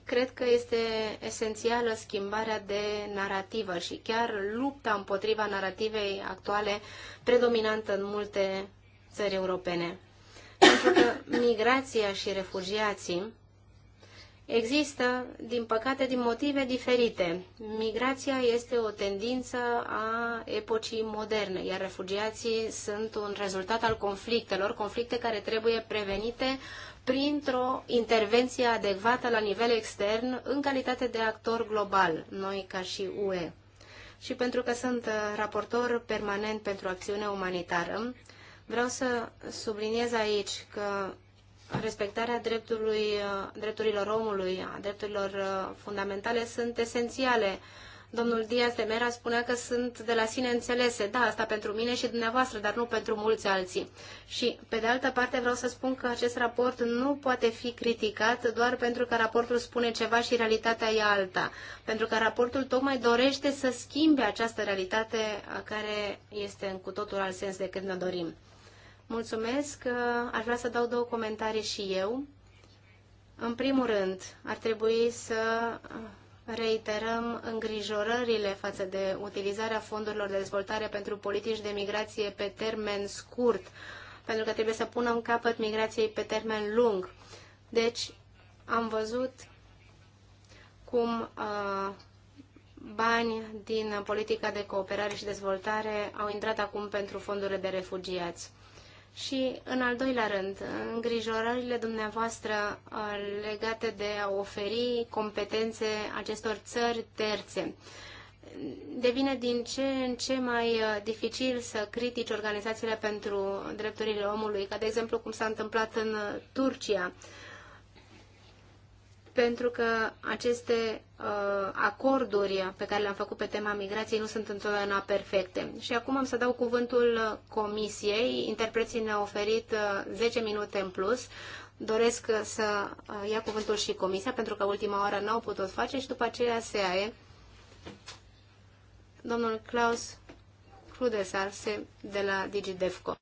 B: cred că este esențială schimbarea de narrativă și chiar lupta împotriva narativei actuale predominantă în multe țări europene. Pentru că migrația și refugiații Există, din păcate, din motive diferite. Migrația este o tendință a epocii moderne, iar refugiații sunt un rezultat al conflictelor, conflicte care trebuie prevenite printr-o intervenție adecvată la nivel extern în calitate de actor global, noi ca și UE. Și pentru că sunt uh, raportor permanent pentru acțiune umanitară, vreau să subliniez aici că respectarea uh, drepturilor omului, a drepturilor uh, fundamentale sunt esențiale. Domnul Diaz de Mera spunea că sunt de la sine înțelese. Da, asta pentru mine și dumneavoastră, dar nu pentru mulți alții. Și, pe de altă parte, vreau să spun că acest raport nu poate fi criticat doar pentru că raportul spune ceva și realitatea e alta. Pentru că raportul tocmai dorește să schimbe această realitate uh, care este în cu totul alt sens decât ne dorim. Mulțumesc. Aș vrea să dau două comentarii și eu. În primul rând, ar trebui să reiterăm îngrijorările față de utilizarea fondurilor de dezvoltare pentru politici de migrație pe termen scurt, pentru că trebuie să punem capăt migrației pe termen lung. Deci, am văzut cum uh, bani din politica de cooperare și dezvoltare au intrat acum pentru fondurile de refugiați. Și, în al doilea rând, îngrijorările dumneavoastră uh, legate de a oferi competențe acestor țări terțe. Devine din ce în ce mai uh, dificil să critici organizațiile pentru drepturile omului, ca de exemplu cum s-a întâmplat în uh, Turcia pentru că aceste uh, acorduri pe care le-am făcut pe tema migrației nu sunt întotdeauna perfecte. Și acum am să dau cuvântul comisiei. Interpreții ne-au oferit uh, 10 minute în plus. Doresc să uh, ia cuvântul și comisia, pentru că ultima oară n-au putut face și după aceea aie. Domnul Klaus Crudesarse de la DigiDefco.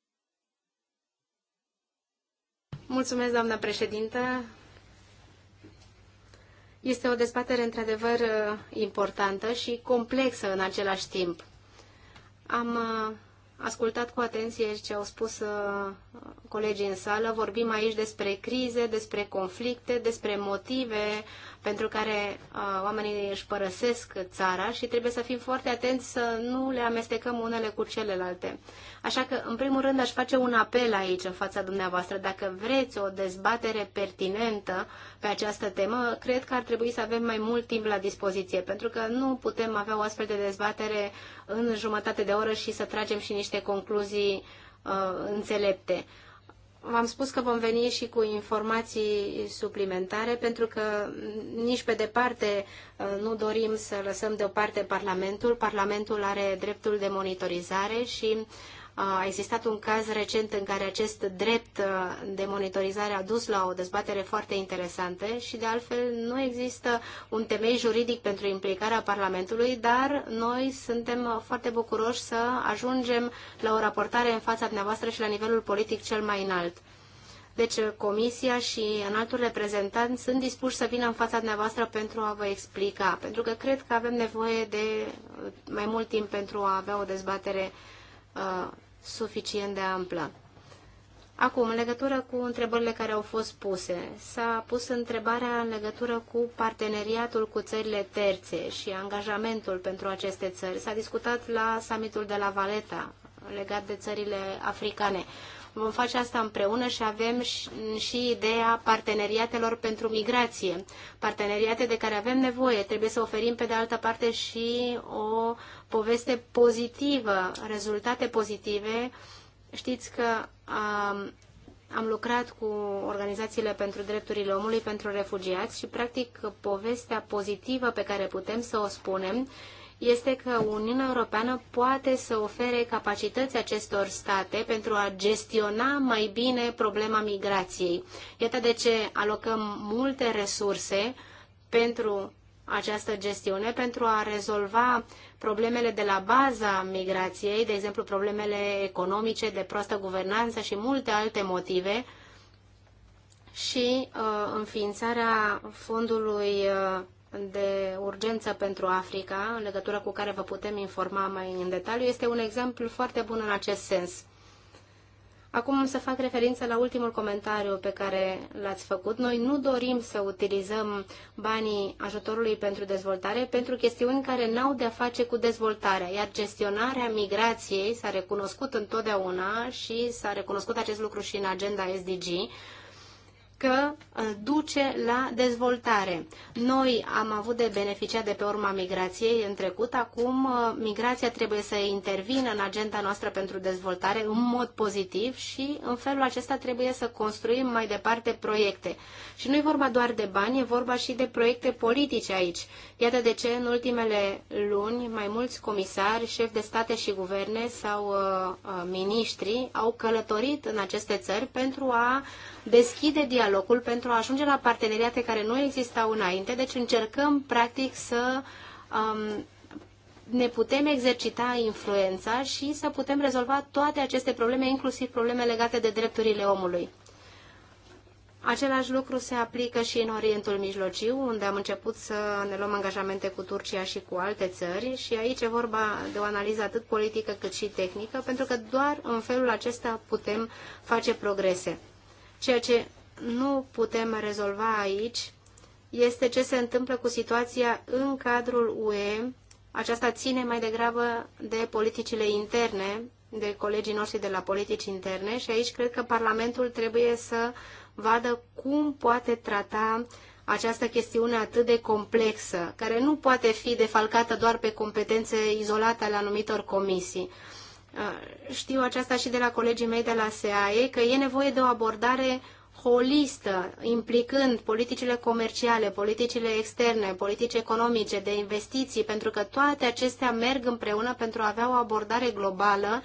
B: Mulțumesc, doamna președintă. Este o dezbatere într-adevăr uh, importantă și complexă în același timp. Am uh, ascultat cu atenție ce au spus uh, colegii în sală. Vorbim aici despre crize, despre conflicte, despre motive pentru care uh, oamenii își părăsesc țara și trebuie să fim foarte atenți să nu le amestecăm unele cu celelalte. Așa că, în primul rând, aș face un apel aici în fața dumneavoastră. Dacă vreți o dezbatere pertinentă pe această temă, cred că ar trebui să avem mai mult timp la dispoziție, pentru că nu putem avea o astfel de dezbatere în jumătate de oră și să tragem și niște concluzii uh, înțelepte. V-am spus că vom veni și cu informații suplimentare, pentru că nici pe departe uh, nu dorim să lăsăm deoparte Parlamentul. Parlamentul are dreptul de monitorizare și a existat un caz recent în care acest drept uh, de monitorizare a dus la o dezbatere foarte interesantă și, de altfel, nu există un temei juridic pentru implicarea Parlamentului, dar noi suntem uh, foarte bucuroși să ajungem la o raportare în fața dumneavoastră și la nivelul politic cel mai înalt. Deci uh, comisia și înaltul reprezentant sunt dispuși să vină în fața dumneavoastră pentru a vă explica, pentru că cred că avem nevoie de mai mult timp pentru a avea o dezbatere uh, suficient de amplă. Acum, în legătură cu întrebările care au fost puse, s-a pus întrebarea în legătură cu parteneriatul cu țările terțe și angajamentul pentru aceste țări. S-a discutat la summitul de la Valeta legat de țările africane. Vom face asta împreună și avem și, ideea parteneriatelor pentru migrație. Parteneriate de care avem nevoie. Trebuie să oferim, pe de altă parte, și o poveste pozitivă, rezultate pozitive. Știți că um, am lucrat cu organizațiile pentru drepturile omului, pentru refugiați și, practic, povestea pozitivă pe care putem să o spunem este că Uniunea Europeană poate să ofere capacități acestor state pentru a gestiona mai bine problema migrației. Iată de ce alocăm multe resurse pentru această gestiune pentru a rezolva problemele de la baza migrației, de exemplu problemele economice, de proastă guvernanță și multe alte motive și uh, înființarea fondului uh, de urgență pentru Africa, în legătură cu care vă putem informa mai în detaliu, este un exemplu foarte bun în acest sens. Acum să fac referință la ultimul comentariu pe care l-ați făcut. Noi nu dorim să utilizăm banii ajutorului pentru dezvoltare pentru chestiuni care n-au de-a face cu dezvoltarea, iar gestionarea migrației s-a recunoscut întotdeauna și s-a recunoscut acest lucru și în agenda SDG, că uh, duce la dezvoltare. Noi am avut de beneficiat de pe urma migrației în trecut, acum uh, migrația trebuie să intervină în agenda noastră pentru dezvoltare în mod pozitiv și în felul acesta trebuie să construim mai departe proiecte. Și nu e vorba doar de bani, e vorba și de proiecte politice aici. Iată de ce în ultimele luni mai mulți comisari, șefi de state și guverne sau uh, uh miniștri au călătorit în aceste țări pentru a deschide dialog locul pentru a ajunge la parteneriate care nu existau înainte, deci încercăm practic să um, ne putem exercita influența și să putem rezolva toate aceste probleme, inclusiv probleme legate de drepturile omului. Același lucru se aplică și în Orientul Mijlociu, unde am început să ne luăm angajamente cu Turcia și cu alte țări și aici e vorba de o analiză atât politică cât și tehnică, pentru că doar în felul acesta putem face progrese. Ceea ce nu putem rezolva aici este ce se întâmplă cu situația în cadrul UE. Aceasta ține mai degrabă de politicile interne, de colegii noștri de la politici interne și aici cred că Parlamentul trebuie să vadă cum poate trata această chestiune atât de complexă, care nu poate fi defalcată doar pe competențe izolate ale anumitor comisii. Uh, știu aceasta și de la colegii mei de la SEAE, că e nevoie de o abordare holistă, implicând politicile comerciale, politicile externe, politici economice, de investiții, pentru că toate acestea merg împreună pentru a avea o abordare globală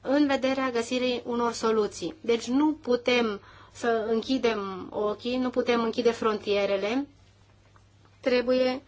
B: în vederea găsirii unor soluții. Deci nu putem să închidem ochii, nu putem închide frontierele, trebuie,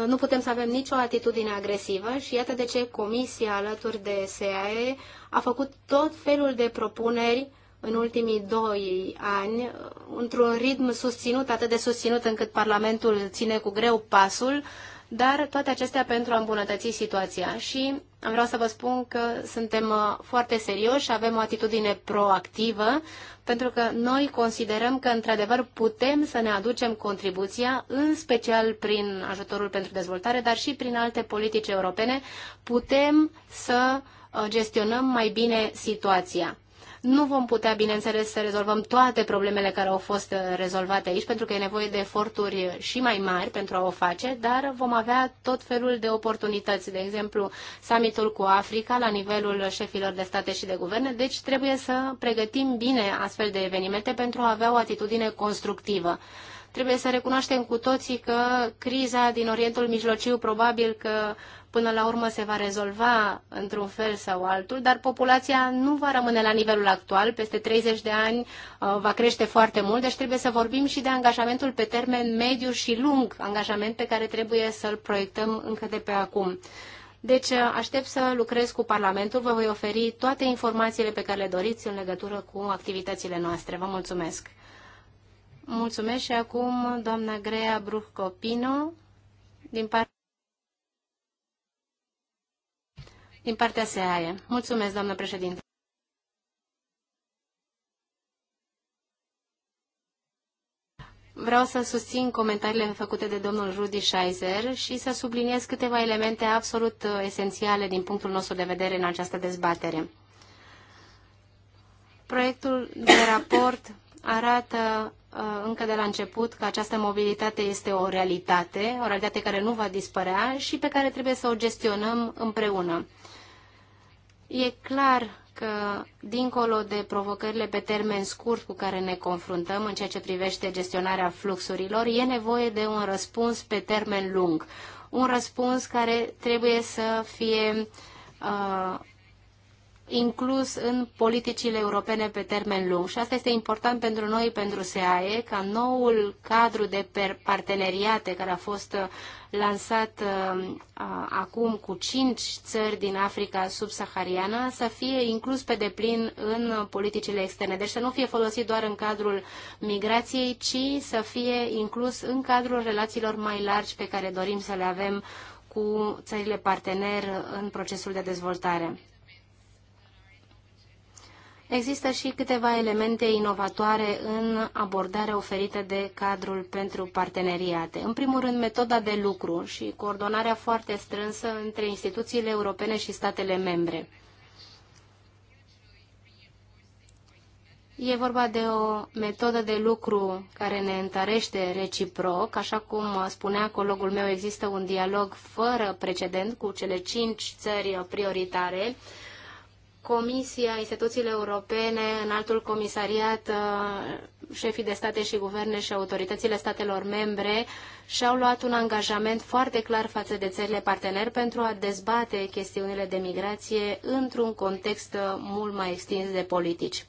B: uh, nu putem să avem nicio atitudine agresivă și iată de ce Comisia alături de SAE a făcut tot felul de propuneri în ultimii doi ani, într-un ritm susținut, atât de susținut încât Parlamentul ține cu greu pasul, dar toate acestea pentru a îmbunătăți situația. Și vreau să vă spun că suntem uh, foarte serioși, avem o atitudine proactivă, pentru că noi considerăm că, într-adevăr, putem să ne aducem contribuția, în special prin ajutorul pentru dezvoltare, dar și prin alte politici europene, putem să uh, gestionăm mai bine situația. Nu vom putea, bineînțeles, să rezolvăm toate problemele care au fost uh, rezolvate aici, pentru că e nevoie de eforturi și mai mari pentru a o face, dar vom avea tot felul de oportunități. De exemplu, summitul cu Africa la nivelul șefilor de state și de guverne, deci trebuie să pregătim bine astfel de evenimente pentru a avea o atitudine constructivă trebuie să recunoaștem cu toții că criza din Orientul Mijlociu probabil că până la urmă se va rezolva într-un fel sau altul, dar populația nu va rămâne la nivelul actual, peste 30 de ani uh, va crește foarte mult, deci trebuie să vorbim și de angajamentul pe termen mediu și lung, angajament pe care trebuie să-l proiectăm încă de pe acum. Deci uh, aștept să lucrez cu Parlamentul, vă voi oferi toate informațiile pe care le doriți în legătură cu activitățile noastre. Vă mulțumesc! Mulțumesc și acum doamna Grea Bruh Copino din partea din partea SEAE. Mulțumesc, doamnă președinte. Vreau să susțin comentariile făcute de domnul Rudy Scheiser și să subliniez câteva elemente absolut uh, esențiale din punctul nostru de vedere în această dezbatere. Proiectul de raport arată uh, încă de la început că această mobilitate este o realitate, o realitate care nu va dispărea și pe care trebuie să o gestionăm împreună. E clar că, dincolo de provocările pe termen scurt cu care ne confruntăm în ceea ce privește gestionarea fluxurilor, e nevoie de un răspuns pe termen lung. Un răspuns care trebuie să fie uh, inclus în politicile europene pe termen lung. Și asta este important pentru noi, pentru SEAE, ca noul cadru de parteneriate care a fost uh, lansat uh, acum cu cinci țări din Africa subsahariană să fie inclus pe deplin în politicile externe. Deci să nu fie folosit doar în cadrul migrației, ci să fie inclus în cadrul relațiilor mai largi pe care dorim să le avem cu țările partener în procesul de dezvoltare. Există și câteva elemente inovatoare în abordarea oferită de cadrul pentru parteneriate. În primul rând, metoda de lucru și coordonarea foarte strânsă între instituțiile europene și statele membre. E vorba de o metodă de lucru care ne întărește reciproc. Așa cum spunea colegul meu, există un dialog fără precedent cu cele cinci țări prioritare Comisia, instituțiile europene, în altul comisariat, uh, șefii de state și guverne și autoritățile statelor membre și-au luat un angajament foarte clar față de țările partener pentru a dezbate chestiunile de migrație într-un context uh, mult mai extins de politici.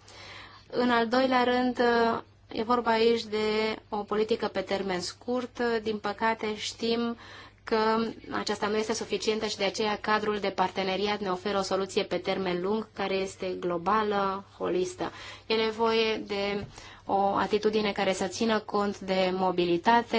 B: În al doilea rând, uh, e vorba aici de o politică pe termen scurt. Din păcate știm că aceasta nu este suficientă și de aceea cadrul de parteneriat ne oferă o soluție pe termen lung care este globală, holistă. E nevoie de o atitudine care să țină cont de mobilitate,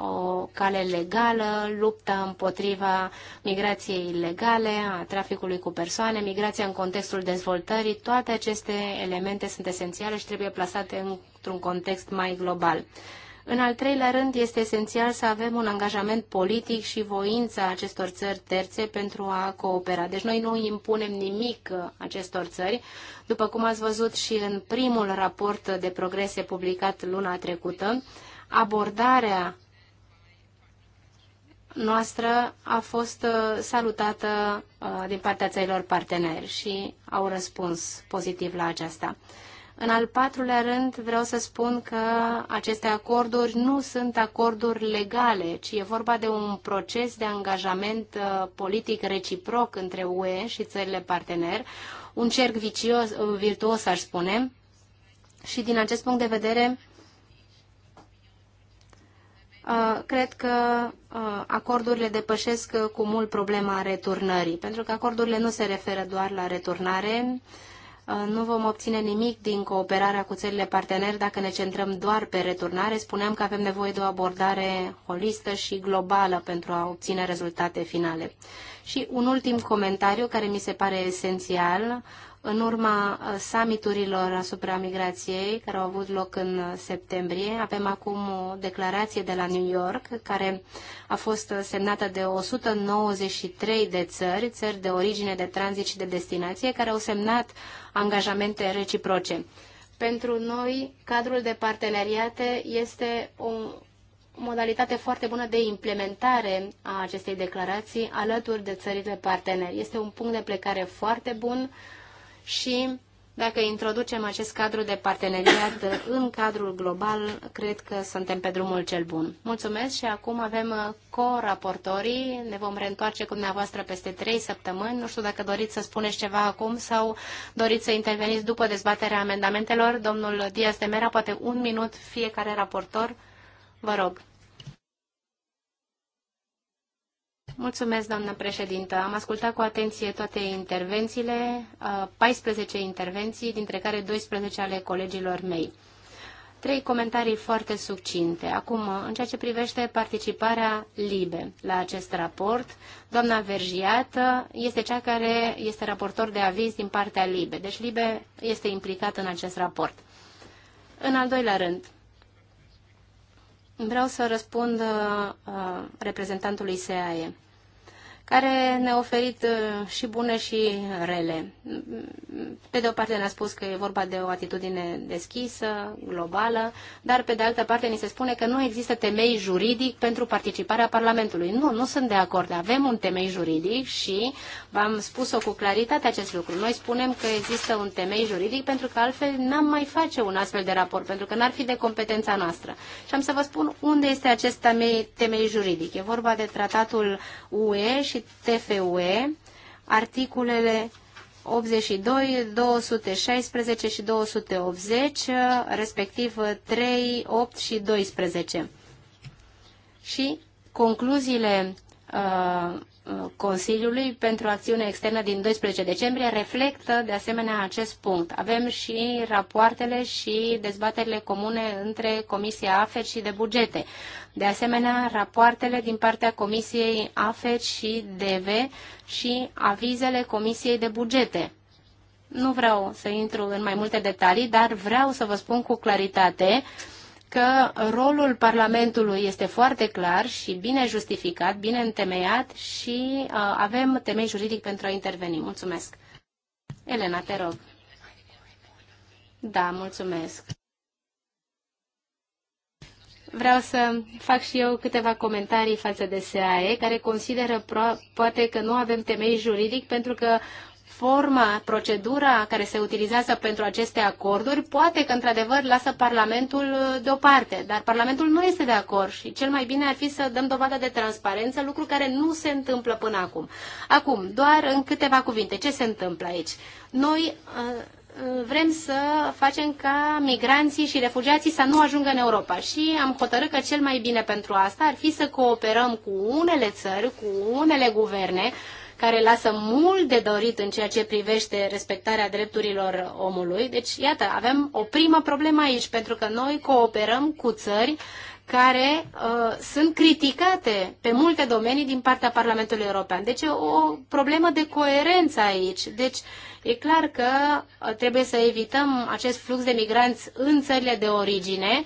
B: o cale legală, lupta împotriva migrației ilegale, a traficului cu persoane, migrația în contextul dezvoltării, toate aceste elemente sunt esențiale și trebuie plasate într-un context mai global. În al treilea rând, este esențial să avem un angajament politic și voința acestor țări terțe pentru a coopera. Deci noi nu impunem nimic uh, acestor țări. După cum ați văzut și în primul raport de progrese publicat luna trecută, abordarea noastră a fost uh, salutată uh, din partea țărilor parteneri și au răspuns pozitiv la aceasta. În al patrulea rând, vreau să spun că aceste acorduri nu sunt acorduri legale, ci e vorba de un proces de angajament uh, politic reciproc între UE și țările partener, un cerc vicios, virtuos, aș spune, și din acest punct de vedere, uh, cred că uh, acordurile depășesc cu mult problema returnării, pentru că acordurile nu se referă doar la returnare, Uh, nu vom obține nimic din cooperarea cu țările parteneri dacă ne centrăm doar pe returnare. Spuneam că avem nevoie de o abordare holistă și globală pentru a obține rezultate finale. Și un ultim comentariu care mi se pare esențial în urma uh, summiturilor asupra migrației care au avut loc în uh, septembrie. Avem acum o declarație de la New York care a fost uh, semnată de 193 de țări, țări de origine, de tranzit și de destinație, care au semnat angajamente reciproce. Pentru noi, cadrul de parteneriate este o modalitate foarte bună de implementare a acestei declarații alături de țările parteneri. Este un punct de plecare foarte bun și dacă introducem acest cadru de parteneriat în cadrul global, cred că suntem pe drumul cel bun. Mulțumesc și acum avem uh, co-raportorii. Ne vom reîntoarce cu dumneavoastră peste trei săptămâni. Nu știu dacă doriți să spuneți ceva acum sau doriți să interveniți după dezbaterea amendamentelor. Domnul Diaz de Mera, poate un minut fiecare raportor. Vă rog. Mulțumesc, doamnă președintă. Am ascultat cu atenție toate intervențiile, 14 uh, intervenții, dintre care 12 ale colegilor mei. Trei comentarii foarte succinte. Acum, în ceea ce privește participarea LIBE la acest raport, doamna Vergiată uh, este cea care este raportor de aviz din partea LIBE. Deci LIBE este implicat în acest raport. În al doilea rând, vreau să răspund uh, uh reprezentantului SEAE care ne-a oferit uh, și bune și rele. Pe de o parte ne-a spus că e vorba de o atitudine deschisă, globală, dar pe de altă parte ni se spune că nu există temei juridic pentru participarea Parlamentului. Nu, nu sunt de acord. Avem un temei juridic și v-am spus-o cu claritate acest lucru. Noi spunem că există un temei juridic pentru că altfel n-am mai face un astfel de raport, pentru că n-ar fi de competența noastră. Și am să vă spun unde este acest temei, temei juridic. E vorba de tratatul UE și TFUE, articolele 82, 216 și 280, respectiv 3, 8 și 12. Și concluziile uh, Consiliului pentru acțiune externă din 12 decembrie reflectă de asemenea acest punct. Avem și rapoartele și dezbaterile comune între Comisia Afer și de bugete. De asemenea, rapoartele din partea Comisiei Afer și DV și avizele Comisiei de bugete. Nu vreau să intru în mai multe detalii, dar vreau să vă spun cu claritate uh, că rolul Parlamentului este foarte clar și bine justificat, bine întemeiat și uh, avem temei juridic pentru a interveni. Mulțumesc. Elena, te rog. Da, mulțumesc. Vreau să fac și eu câteva comentarii față de SAE, care consideră pro- poate că nu avem temei juridic pentru că forma, procedura care se utilizează pentru aceste acorduri, poate că într-adevăr lasă Parlamentul uh, deoparte, dar Parlamentul nu este de acord și cel mai bine ar fi să dăm dovadă de transparență, lucru care nu se întâmplă până acum. Acum, doar în câteva cuvinte, ce se întâmplă aici? Noi uh, uh, vrem să facem ca migranții și refugiații să nu ajungă în Europa și am hotărât că cel mai bine pentru asta ar fi să cooperăm cu unele țări, cu unele guverne, care lasă mult de dorit în ceea ce privește respectarea drepturilor omului. Deci, iată, avem o primă problemă aici, pentru că noi cooperăm cu țări care uh, sunt criticate pe multe domenii din partea Parlamentului European. Deci e o problemă de coerență aici. Deci e clar că uh, trebuie să evităm acest flux de migranți în țările de origine uh,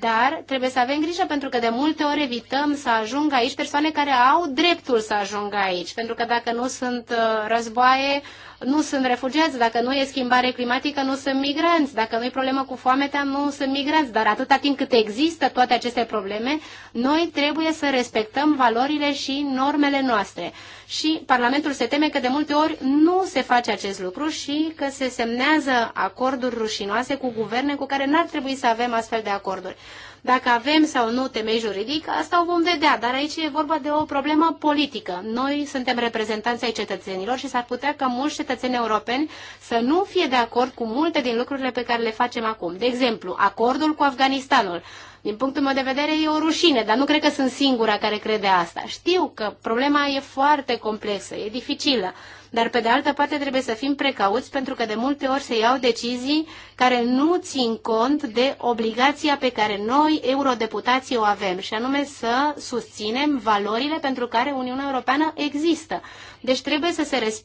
B: dar trebuie să avem grijă pentru că de multe ori evităm să ajungă aici persoane care au dreptul să ajungă aici. Pentru că dacă nu sunt uh, războaie, nu sunt refugiați, dacă nu e schimbare climatică, nu sunt migranți, dacă nu e problemă cu foametea, nu sunt migranți. Dar atâta timp cât există toate aceste probleme, noi trebuie să respectăm valorile și normele noastre. Și Parlamentul se teme că de multe ori nu se face acest lucru și că se semnează acorduri rușinoase cu guverne cu care n-ar trebui să avem astfel de acorduri. Dacă avem sau nu temei juridic, asta o vom vedea, dar aici e vorba de o problemă politică. Noi suntem reprezentanți ai cetățenilor și s-ar putea ca mulți cetățeni europeni să nu fie de acord cu multe din lucrurile pe care le facem acum. De exemplu, acordul cu Afganistanul. Din punctul meu de vedere e o rușine, dar nu cred că sunt singura care crede asta. Știu că problema e foarte complexă, e dificilă. Dar, pe de altă parte, trebuie să fim precauți pentru că de multe ori se iau decizii care nu țin cont de obligația pe care noi, eurodeputații, o avem, și anume să susținem valorile pentru care Uniunea Europeană există. Deci trebuie să se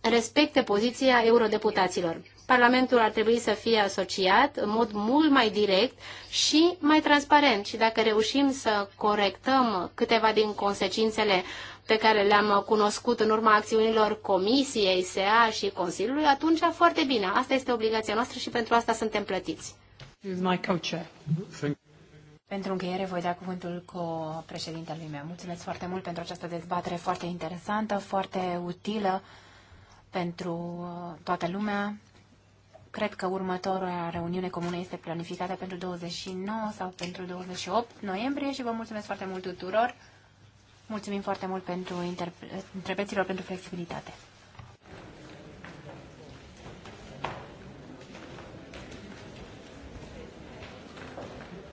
B: respecte poziția eurodeputaților. Parlamentul ar trebui să fie asociat în mod mult mai direct și mai transparent. Și dacă reușim să corectăm câteva din consecințele pe care le-am cunoscut în urma acțiunilor Comisiei, SEA și Consiliului, atunci foarte
C: bine. Asta este obligația noastră și pentru asta suntem plătiți. Pentru încheiere voi da cuvântul cu președintelui meu. Mulțumesc foarte mult pentru această dezbatere foarte interesantă, foarte utilă pentru uh, toată lumea. Cred că următoarea reuniune comună este planificată pentru 29 sau pentru 28 noiembrie și vă mulțumesc foarte mult tuturor. Mulțumim foarte mult pentru interpreților pentru flexibilitate.